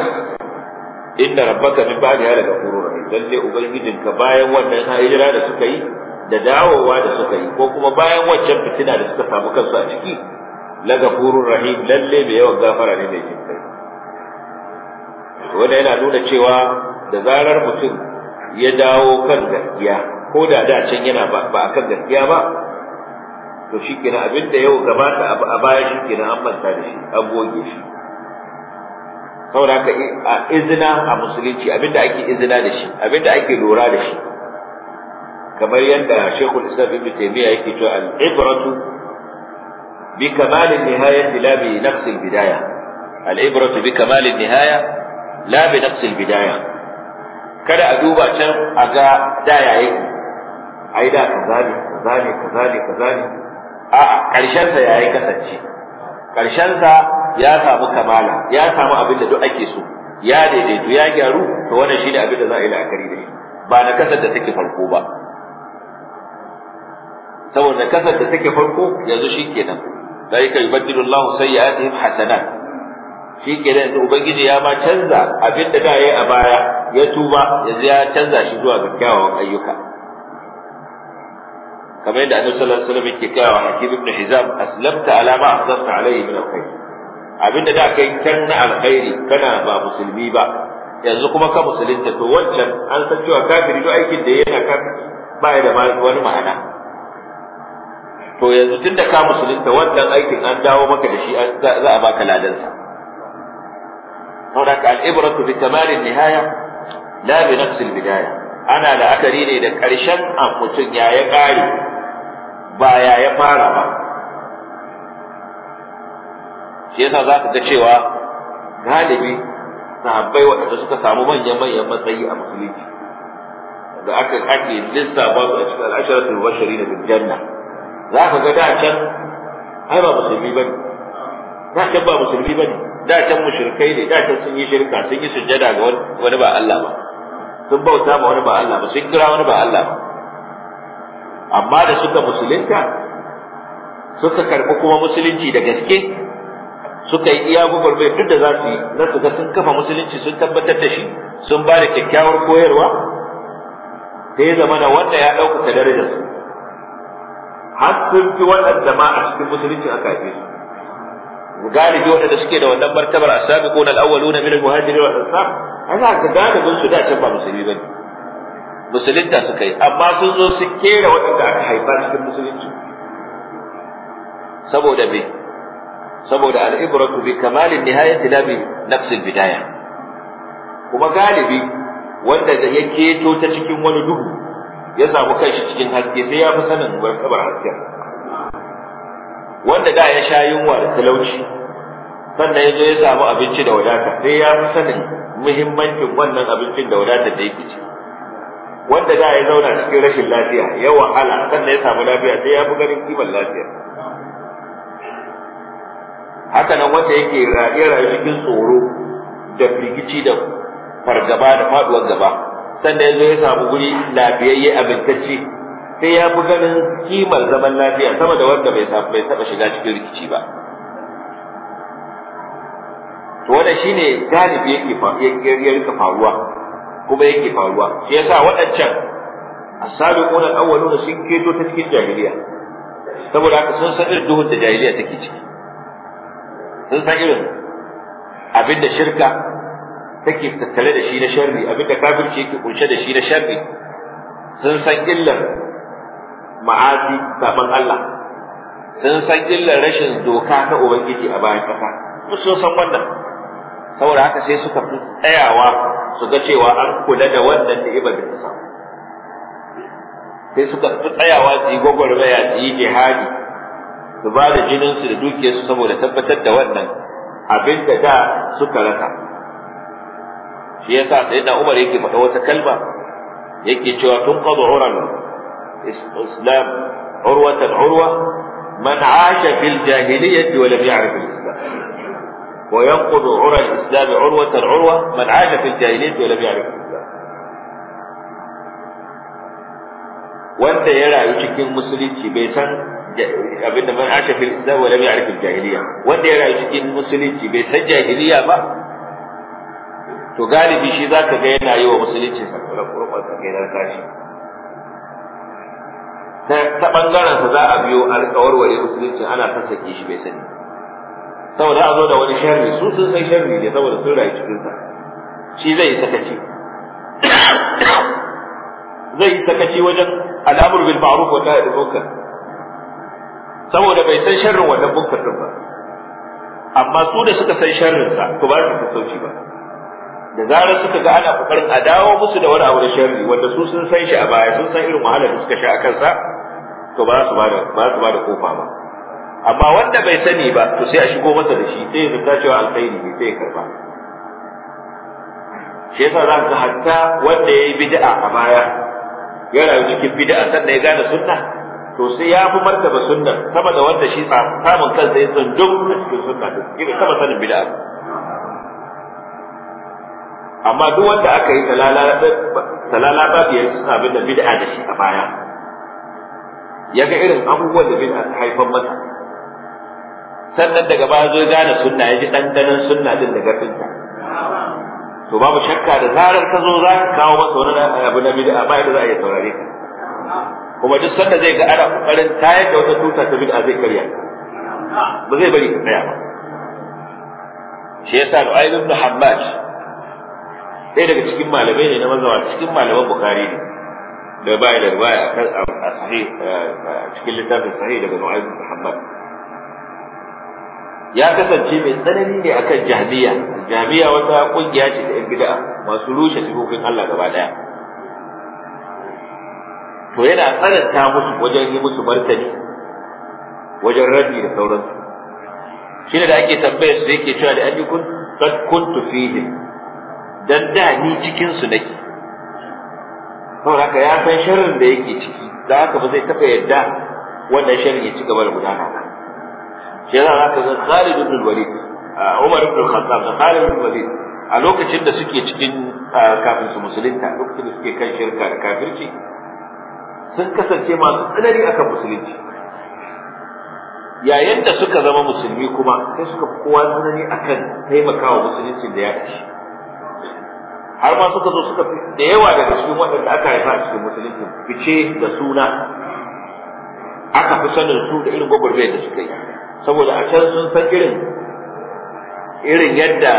inda rabbaka min ba'di hada gafurur rahim lalle ubangijinka bayan wannan hijira da suka yi da dawowa da suka yi ko kuma bayan waccan fitina da suka samu kansu a ciki la gafurur rahim lalle mai yawan gafara ne mai jinkai wanda yana nuna cewa da zarar mutum ya dawo kan gaskiya ko da da can yana ba a kan gaskiya ba to shi kenan abin da yau gabata a baya shi kenan an manta da shi an goge shi saboda haka eh, a izina a musulunci abin da ake izina da shi abin da ake lura da shi kamar yadda Shekhu islam ibn taymiya yake cewa al-ibratu bi kamal an-nihayati la bi naqs al-bidaya al-ibratu bi kamal an-nihaya la bi naqs al-bidaya kada a duba can a ga da yayi ai da kaza ne kaza ne kaza ne kaza ne a karshen sa yayi kasance karshen sa ya samu kamala ya samu abin da duk ake so ya daidaitu ya gyaru to wannan ne abin da za a yi la'akari da shi ba na kasar da take farko ba saboda kasar da take farko yanzu shikenan sai ka yubaddilu Allahu sayyi'atihim hasanat shi ke da ubangiji ya ma canza abin da da yi a baya ya tuba yanzu ya canza shi zuwa ga kyawawan ayyuka kamar yadda annabi sallallahu alaihi wasallam yake kawo hakim ibn hizam aslamta ala ma afdalta alaihi min alkhair abin da da kai kan na alkhairi kana ba musulmi ba yanzu kuma ka musulunta to wannan an san cewa kafiri duk aikin da yana kan ba da wani ma'ana to yanzu tun da ka musulunta wannan aikin an dawo maka da shi za a baka ladansa هناك al'ibratu بكمال النهاية nihaya بنفس البداية أنا لا ana la'akari ne da ƙarshen mutum ya ya ƙare ba ya ya غالبي ba za ka ga cewa galibi sahabbai waɗanda suka samu manyan manyan matsayi a musulunci da aka ake ba su a cikin al'asharatul bashirin bil za ka ga da can ai ba musulmi ne? da can ba musulmi ne. da can mushrikai ne da can sun yi shirka sun yi sujjada ga wani ba Allah ba sun bauta ma wani ba Allah ba sun kira wani ba Allah ba amma da suka musulunta suka karɓi kuma musulunci da gaske suka yi iya gwagwarmai duk da za su yi na su ga sun kafa musulunci sun tabbatar da shi sun ba da kyakkyawar koyarwa sai ya zama da wanda ya ɗaukaka darajar su har sun fi waɗanda ma a cikin musulunci aka haife su galibi waɗanda suke da wannan martabar ko na al'awalu na al muhajiri wa ansar ana ga galibin su da can ba musulmi ne. musulunta suka yi amma sun zo sun kera waɗanda aka haifa cikin musulunci saboda me saboda al-ibratu bi kamalin nihayati la bi nafsil bidaya kuma galibi wanda ya keto ta cikin wani duhu ya samu kanshi cikin haske sai ya fi sanin martabar haske wanda da ya sha yunwa da talauci sannan ya zo ya samu abinci da wadata sai ya fi sanin muhimmancin wannan abincin da wadata da yake ci wanda da ya zauna cikin rashin lafiya ya wahala sannan ya samu lafiya sai ya fi ganin kimar lafiya haka nan wanda yake rayuwa rayu cikin tsoro da firgici da fargaba da faduwar gaba sannan ya zo ya samu guri lafiyayye abintacce sai ya fi ganin kimar zaman lafiya sama da wanda bai bai taba shiga cikin rikici ba to wanda shine galibi yake ya rika faruwa kuma yake faruwa shi yasa waɗancan as-sabiquna al-awwaluna sun keto ta cikin jahiliya saboda haka sun san irin duhun da jahiliya take ciki sun san irin abin da shirka take tattare da shi na sharri abin da kafirci yake kunshe da shi na sharri sun san illar Ma'azi, saban Allah sun san illar rashin doka ta ubangiji a bayan kasa sun san wannan saboda haka sai suka fi tsayawa su ga cewa an kula da wannan iba da kasa sai suka fi tsayawa su yi gwagwarmaya su yi jihadi su ba da jininsu da dukiyarsu saboda tabbatar da wannan abin da da suka rasa shi yasa sai da Umar yake faɗa wata kalma yake cewa tun qad'uran الإسلام عروة عروة من عاش في الجاهلية ولم يعرف الإسلام وينقض عرى الإسلام عروة عروة من عاش في الجاهلية ولم يعرف الإسلام وانت يرى يشك المسلم تبيسا أبدا من عاش في الإسلام ولم يعرف الجاهلية وانت يرى يشك المسلم تبيسا جاهلية ما تقالي بشي ذاك كينا أيوة مسلم تبيسا ولم يعرف الجاهلية ta bangaren sa za a biyo alƙawar wa musulunci ana sassake shi bai sani saboda a zo da wani sharri su sun san sharri ne saboda sun rayu cikin sa shi zai yi sakaci zai yi sakaci wajen al'amur bil ma'ruf wa nahy anil munkar saboda bai san sharrin wannan munkar din ba amma su da suka san sharrin sa to ba su sauki ba da zarar suka ga ana kokarin a dawo musu da wani abu da sharri wanda su sun san shi a baya sun san irin wahalar da suka sha a kansa to ba su bada ba su bada kofa ba amma wanda bai sani ba to sai a shigo masa da shi sai ya ta cewa alkhairi ne sai ya karba shi yasa za ka hatta wanda ya yi bid'a a baya ya rayu cikin bid'a sannan ya gane sunna to sai ya fi martaba sunnar sama da wanda shi samun kansa ya san duk cikin sunna din sama sanin bid'a amma duk wanda aka yi talala biyar suna sami da bid'a da shi a baya ya ga irin abubuwan da bid'a ta haifar mata sannan daga baya zo gane sunna ya ji ɗanɗanon sunna din da garfinta to babu shakka da zarar ka zo za ka kawo masa wani abu na bid'a ba da za a yi saurare ka kuma duk sanda zai ga ana kokarin tayar da wata tuta ta bid'a zai karya ba zai bari ka tsaya ba shi yasa Lu'ayl ibn Hammad dai daga cikin malamai ne na mazawa cikin malaman bukari ne da ba da ruwa a kan sahih a cikin littafin sahih daga Nu'aym Muhammad ya kasance mai tsanani ne akan jahmiya jahmiya wata kungiya ce ta bid'a masu rushe sifofin Allah gaba daya to yana tsananta musu wajen yi musu martani wajen rabi da sauransu shi ne da ake tambayar su yake cewa da an yi kun kuntu fihim dan da ni cikin su nake saboda haka ya san sharrin da yake ciki da haka ba zai taba yadda wannan sharri ya ci gaba da gudana ba shi yasa zaka ga Khalid ibn Walid Umar ibn Khattab da Khalid ibn Walid a lokacin da suke cikin kafin su musulunta lokacin da suke kan shirka da kafirci sun kasance masu tsanani akan musulunci yayin da suka zama musulmi kuma sai suka kowa tsanani akan taimakawa musulunci da ya ci har ma suka zo suka fi da yawa daga cikin waɗanda aka haifa a cikin musulunci fice da suna aka fi sanin su da irin gwagwarmayar da suka yi saboda a can sun san irin irin yadda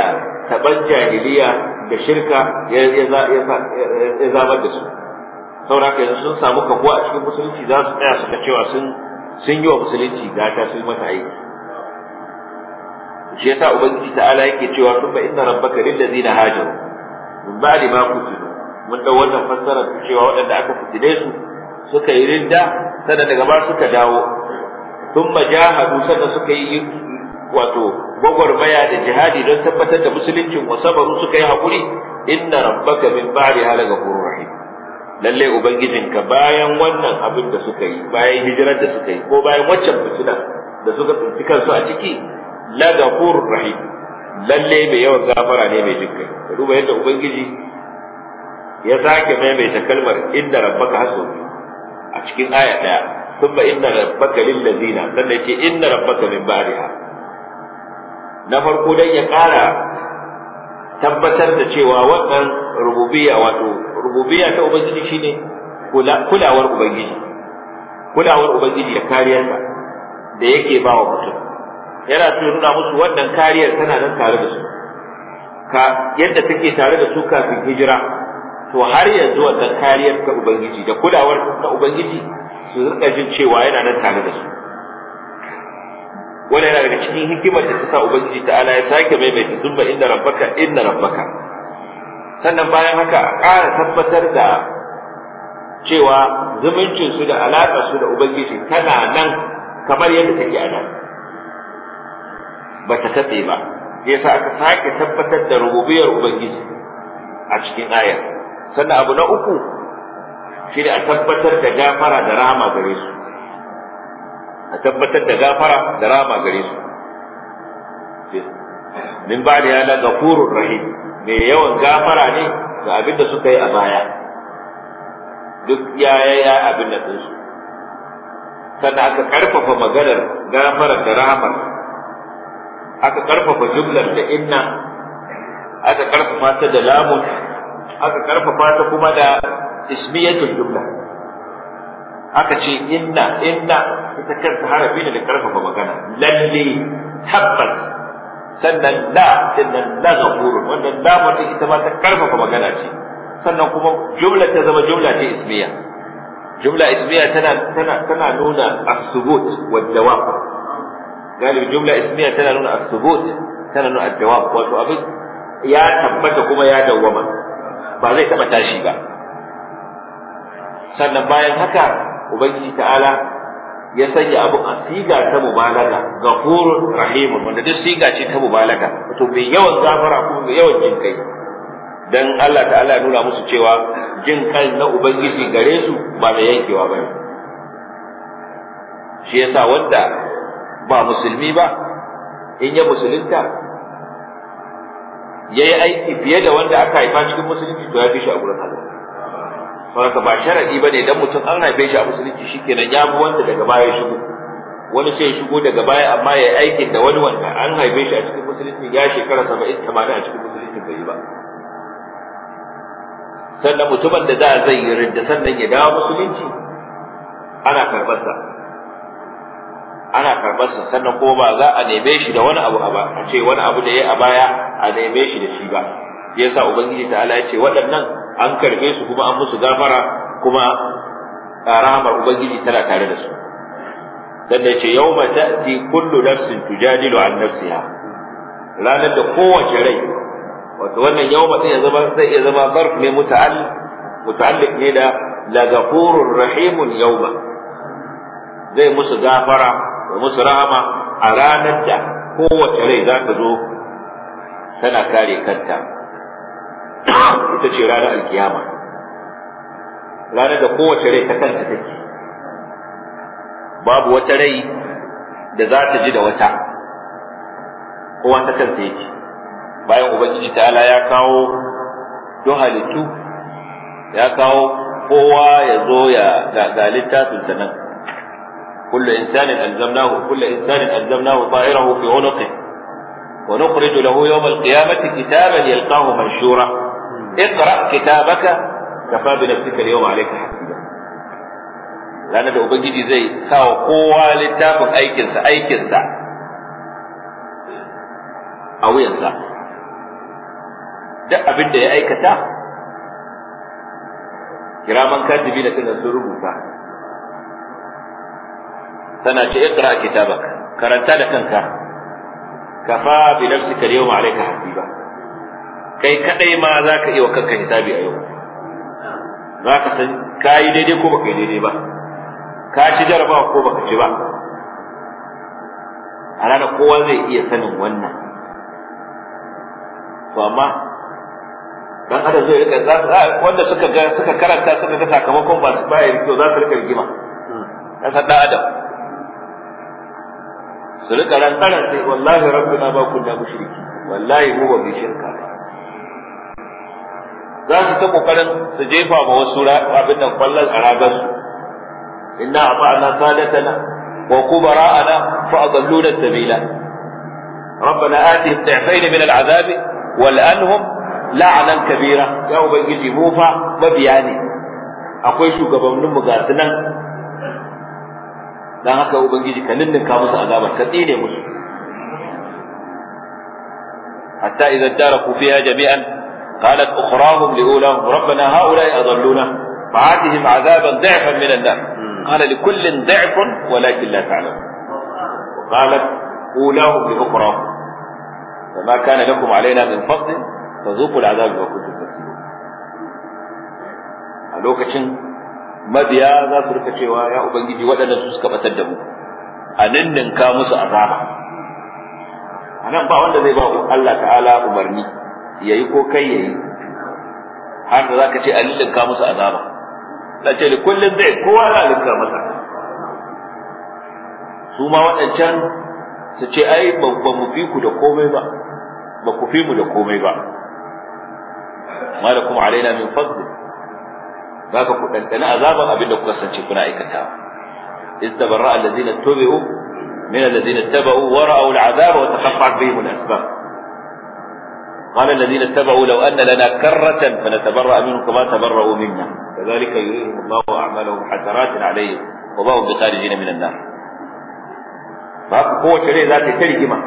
taban jahiliya da shirka ya zamar da su saboda yanzu sun samu kabuwa a cikin musulunci za su tsaya suka cewa sun sun yi wa musulunci gata sun mata aiki shi yasa ubangiji ta'ala yake cewa thumma inna rabbaka lil ladina hajaru min ba'di ma kutilu mun dau wannan fassara cewa waɗanda aka fitile su suka yi rinda sannan daga ba suka dawo tun majahadu sannan suka yi wato gwagwarmaya da jihadi don tabbatar da musuluncin wa sabaru suka yi haƙuri inna rabbaka min ba'di hala ghafurur rahim ubangijin ka bayan wannan abin da suka yi bayan hijirar da suka yi ko bayan waccan fitina da suka tsinci kansu a ciki la ghafurur rahim lalle mai yawan gafara ne mai jinkai ka duba yadda ubangiji ya sake maimaita kalmar inda rabbaka hasu a cikin aya daya kuma inda rabbaka lil ladina sannan yace inda rabbaka min ba'daha na farko dan ya kara tabbatar da cewa wannan rububiyya wato rububiyya ta ubangiji shine kulawar ubangiji kulawar ubangiji da kariyar da yake ba wa mutum yana so nuna musu wannan kariyar tana nan tare da su ka yadda take tare da su kafin hijira to har yanzu wannan kariyar ta ubangiji da kulawar ta ubangiji su rika jin cewa yana nan tare da su wannan yana daga cikin hikimar da ta sa ubangiji ta'ala ya sake maimaita zumba inda rabbaka inna rabbaka sannan bayan haka a ƙara tabbatar da cewa zumuncin su da alaƙar su da ubangiji tana nan kamar yadda take a nan ba ta katse ba sai sa aka sake tabbatar da rububiyar ubangiji a cikin ayar sannan abu na uku shi da a tabbatar da gafara da rahama gare su a tabbatar da gafara da rahama gare su min ba da yana gafurun rahim mai yawan gafara ne ga abin da suka yi a baya duk yaya abin da su sannan aka ƙarfafa maganar gafarar da rahamar aka karfafa jumlar da inna aka karfafa ta da lamun aka karfafa ta kuma da ismiyatul jumla aka ce inna inna ita kanta harafi ne da karfafa magana lalle tabbas sannan la sannan la ghafurun wannan la mutum ita ma ta karfafa magana ce sannan kuma jumla ta zama jumla ce ismiya jumla ismiya tana tana tana nuna as-subut wad-dawam قال jumla ismiya tana nuna as-subut tana nuna ad-dawam abin ya tabbata kuma ya dawwama ba zai taba tashi ba sannan bayan haka ubangiji ta'ala ya sanya abu a siga ta mubalaga ghafurur rahimun wanda duk siga ce ta mubalaga wato yawan kuma dan Allah ta'ala nuna musu cewa jin kai na ubangiji gare su ba da yankewa ba. shi yasa wanda ba musulmi ba in ya musulunta ya yi aiki fiye da wanda aka haifa cikin musulunci to ya fi shi a gurin Allah saboda ba sharadi ne dan mutum an haife shi a musulunci shikenan ya bi wanda daga baya ya shigo wani sai ya shigo daga baya amma ya yi aikin da wani wanda an haife shi a cikin musulunci ya shekara saba'in tamanin a cikin musulunci bai yi ba sannan mutumin da za a zai yi rinda sannan ya dawo musulunci ana karɓarsa ana karɓar sa sannan kuma ba za a neme shi da wani abu a ba a ce wani abu da ya a baya a neme shi da shi ba yasa ubangiji ta'ala ya ce waɗannan an karɓe su kuma an musu gafara kuma rahamar ubangiji tana tare da su sannan ce yawma ta'ti kullu nafsin tujadilu an nafsiha ranar da kowace rai wato wannan yawma zai zama zai iya zama zarf ne muta'al muta'alliq ne da la ghafurur rahimun yawma zai musu gafara da musu rahama a ranar da kowace rai za ta zo tana kare kanta ita ce ranar alkiyama ranar da kowace rai ta kanta take babu wata rai da za ta ji da wata kowa ta kanta yake bayan ubangiji ta'ala ya kawo don halittu ya kawo kowa ya zo ya ga littafin ta nan كل إنسان ألزمناه كل إنسان ألزمناه طائره في عنقه ونخرج له يوم القيامة كتابا يلقاه منشورا اقرأ كتابك كفى بنفسك اليوم عليك حسيبا لأن ده ubangiji زي ساو wa kowa أي aikinsa أي a أو ينسى ده da ya أي كتاب كراما كاتبين sun rubuta tana ce iqra kitabak karanta da kanka kafa bi nafsika yau yawma alayka hasiba kai kadai ma zaka iya wa kanka hisabi a yau zaka san kai daidai ko baka daidai ba ka ci jarabawa ko baka ci ba a ranar kowa zai iya sanin wannan to amma dan adam zai rika wanda suka ga suka karanta suka ga sakamakon ba su bayar kyau za su rika rigima na hmm. dan adam su rika rantsaran sai wallahi rabbuna ba kunna mushriki wallahi mu ba mu shirka za su ta kokarin su jefa ma wasu abin nan kwallon a ragar su inna ata'na sadatana wa kubara'ana fa adalluna sabila ربنا آتهم ضعفين من العذاب والأنهم لعنا كبيرة يا أبنجي موفى مبياني أقول شو قبل نمو dan haka ubangiji ka ninninka musu azabar ka tsine musu hatta idza daraku fiha jami'an qalat ukhrahum liulahum rabbana haula'i adalluna fa'atihim azaban da'fan min an-nar qala likullin da'fun walakin la ta'lam wa qalat ulahum li ukhrahum kana lakum لكم min fadl فضل فذوقوا العذاب بما كنتم تكسبون a lokacin mabiya za su rika cewa ya ubangiji waɗanda su suka batar da mu a nan ninka musu azaba a nan ba wanda zai ba Allah ta'ala umarni yayi ko kai yayi har da zaka ce a nan ninka musu azaba da ce da kullum zai kowa za a ninka masa su ma waɗancan su ce ai ba mu fi ku da komai ba ba ku fi mu da komai ba ma da kuma alaina min fadl za ka ku ɗanɗana azaban abinda kuka ku kasance kuna aikatawa istabarra allazina tubu min allazina tabu wa ra'u al'adaba wa taqatta'at bihim al'asbab قال الذين اتبعوا لو أن لنا كرة فنتبرأ منهم كما تبرأوا منا كذلك يريهم الله أعمالهم حسرات عليهم وما هم بخارجين من النار فهو شريع ذات ترجمة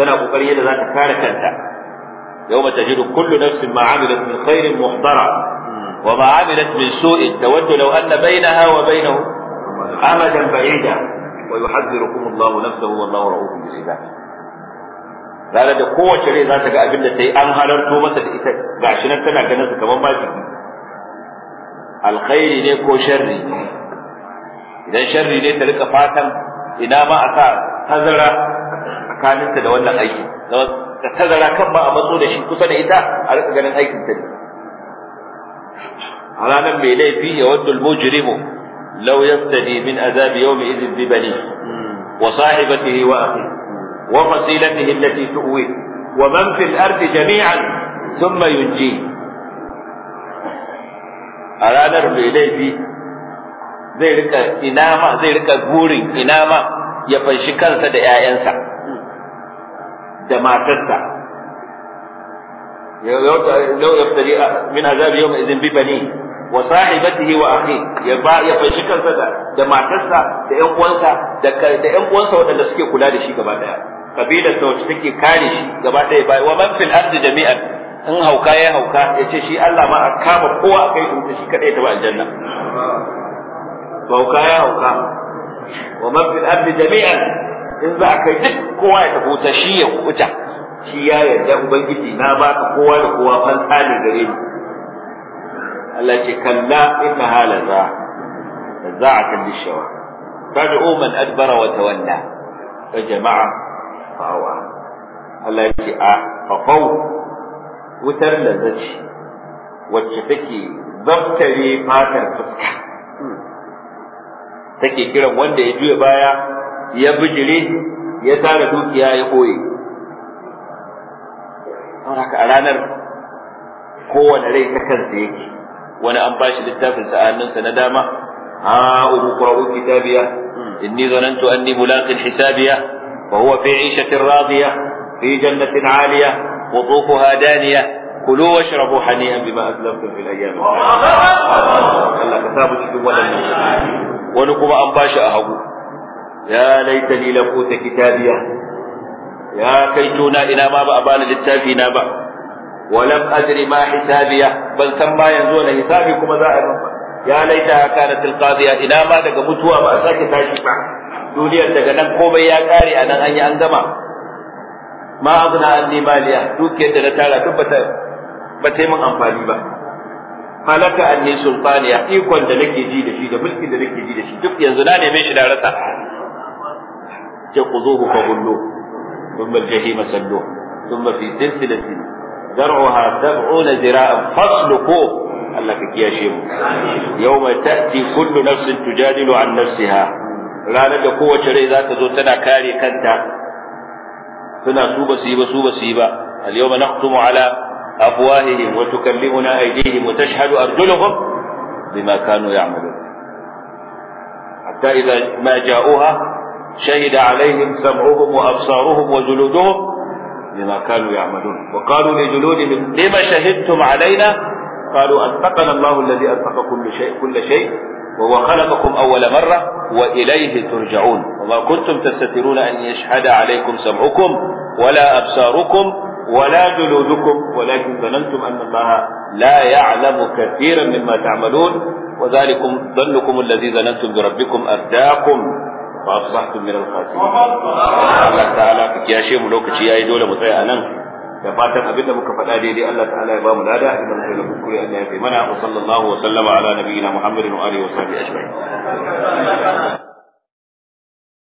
سنة قرية ذات كاركة يوم تجد كل نفس ما عملت من خير محضرا wa ma amilat min su'in tawaddu law anna bainaha wa bainahu amadan ba'ida wa yuhadhdhirukum Allahu nafsahu wallahu ra'ufun bil ibad ranar da kowace rai za ta ga abin da ta yi an halarto masa da ita ga shi nan tana ganin su kamar majiki alkhairi ne ko sharri idan sharri ne ta rika fatan ina ma a sa tazara tsakaninta da wannan aiki ta tazara kan ba a matso da shi kusa da ita a rika ganin aikin ta ne a ranar mai laifi ya wadda mujrimu law yastadi min azabi yawmi idhin bi bani wa sahibatihi wa akhi wa fasilatihi allati tu'wi wa man fil ardi jami'an thumma yunji a ranar mai laifi zai rika inama zai rika burin inama ya fanshi kansa da 'ya'yansa da matarsa لو يبتدئ من عذاب يوم إذن ببنيه وصاحبته وأخيه يبا يفشي كنسا da matarsa da ƴan uwansa da da uwansa waɗanda suke kula da shi gaba ɗaya kabilar ta wacce take kare shi gaba ɗaya bai wa man fil ardi jami'an in hauka ya hauka ya ce shi Allah ma a kama kowa a kai tunta shi kadai ta ba ya hauka jami'an in za a kai duk kowa ya tafi shi ya wuta shi ya yarda ubangiji na ba ka kowa da kowa fansa ne gare ni Allah ce kalla inna halaza za'atan lishawa tad'u man adbara wa tawalla wa jama'a fawa Allah ya ce a fafau wutar lazzaci wacce take zaftare fatar fuska take kiran wanda ya juya baya ya bijire ya tara dukiya ya koye saboda haka a ranar kowane rai ta kansa yake wani an ba shi littafin sa hannunsa na dama ha ubu qra'u kitabiya inni zanantu anni mulaqin hisabiya fa huwa fi 'ishatin radiya fi jannatin 'aliya qutufuha daniya كلوا واشربوا هنيئا بما اسلفتم في الايام الله كتابه cikin wadannan wani kuma an ba shi a hagu ya laita ni kuta kitabiya ya kai tuna ina ma ba a bani littafi na ba walam adri ma hisabiya ban san ba yanzu wani hisabi kuma za a yi ba ya laita kana tilqadiya ina ma daga mutuwa ba a sake tashi ba duniyar daga nan komai ya kare anan nan an yi an gama ma abuna anni maliya dukiyar da na tara duk ba ta yi min amfani ba halaka anni sultaniya ikon da nake ji da shi da mulkin da nake ji da shi duk yanzu na neme shi da rasa ce ku ku fa ثم الجحيم سلوه ثم في سلسلة زرعها سبعون ذراء فاصلقوه قال لك كياشيم يوم تأتي كل نفس تجادل عن نفسها لا نجا قوة شري ذات زوتنا كاري كنتا سنا سوبة سيبة سوبة سيبة اليوم نختم على أفواههم وتكلمنا أيديهم وتشهد أرجلهم بما كانوا يعملون حتى إذا ما جاءوها شهد عليهم سمعهم وأبصارهم وجلودهم بما كانوا يعملون وقالوا لجلودهم لما شهدتم علينا قالوا أتقنا الله الذي أنطق كل شيء كل شيء وهو خلقكم أول مرة وإليه ترجعون وما كنتم تستترون أن يشهد عليكم سمعكم ولا أبصاركم ولا جلودكم ولكن ظننتم أن الله لا يعلم كثيرا مما تعملون وذلكم ظنكم الذي ظننتم بربكم أرداكم fa asbahtum min al-khasirin Allah ta'ala ka kiyashe mu lokaci yayi dole mu tsaya anan da fatan abin da muka faɗa daidai Allah ta'ala ya ba mu lada idan muka yi kuskure Allah ya kai mana wa sallallahu wa sallama ala nabiyyina Muhammadin wa alihi wa sahbihi ajma'in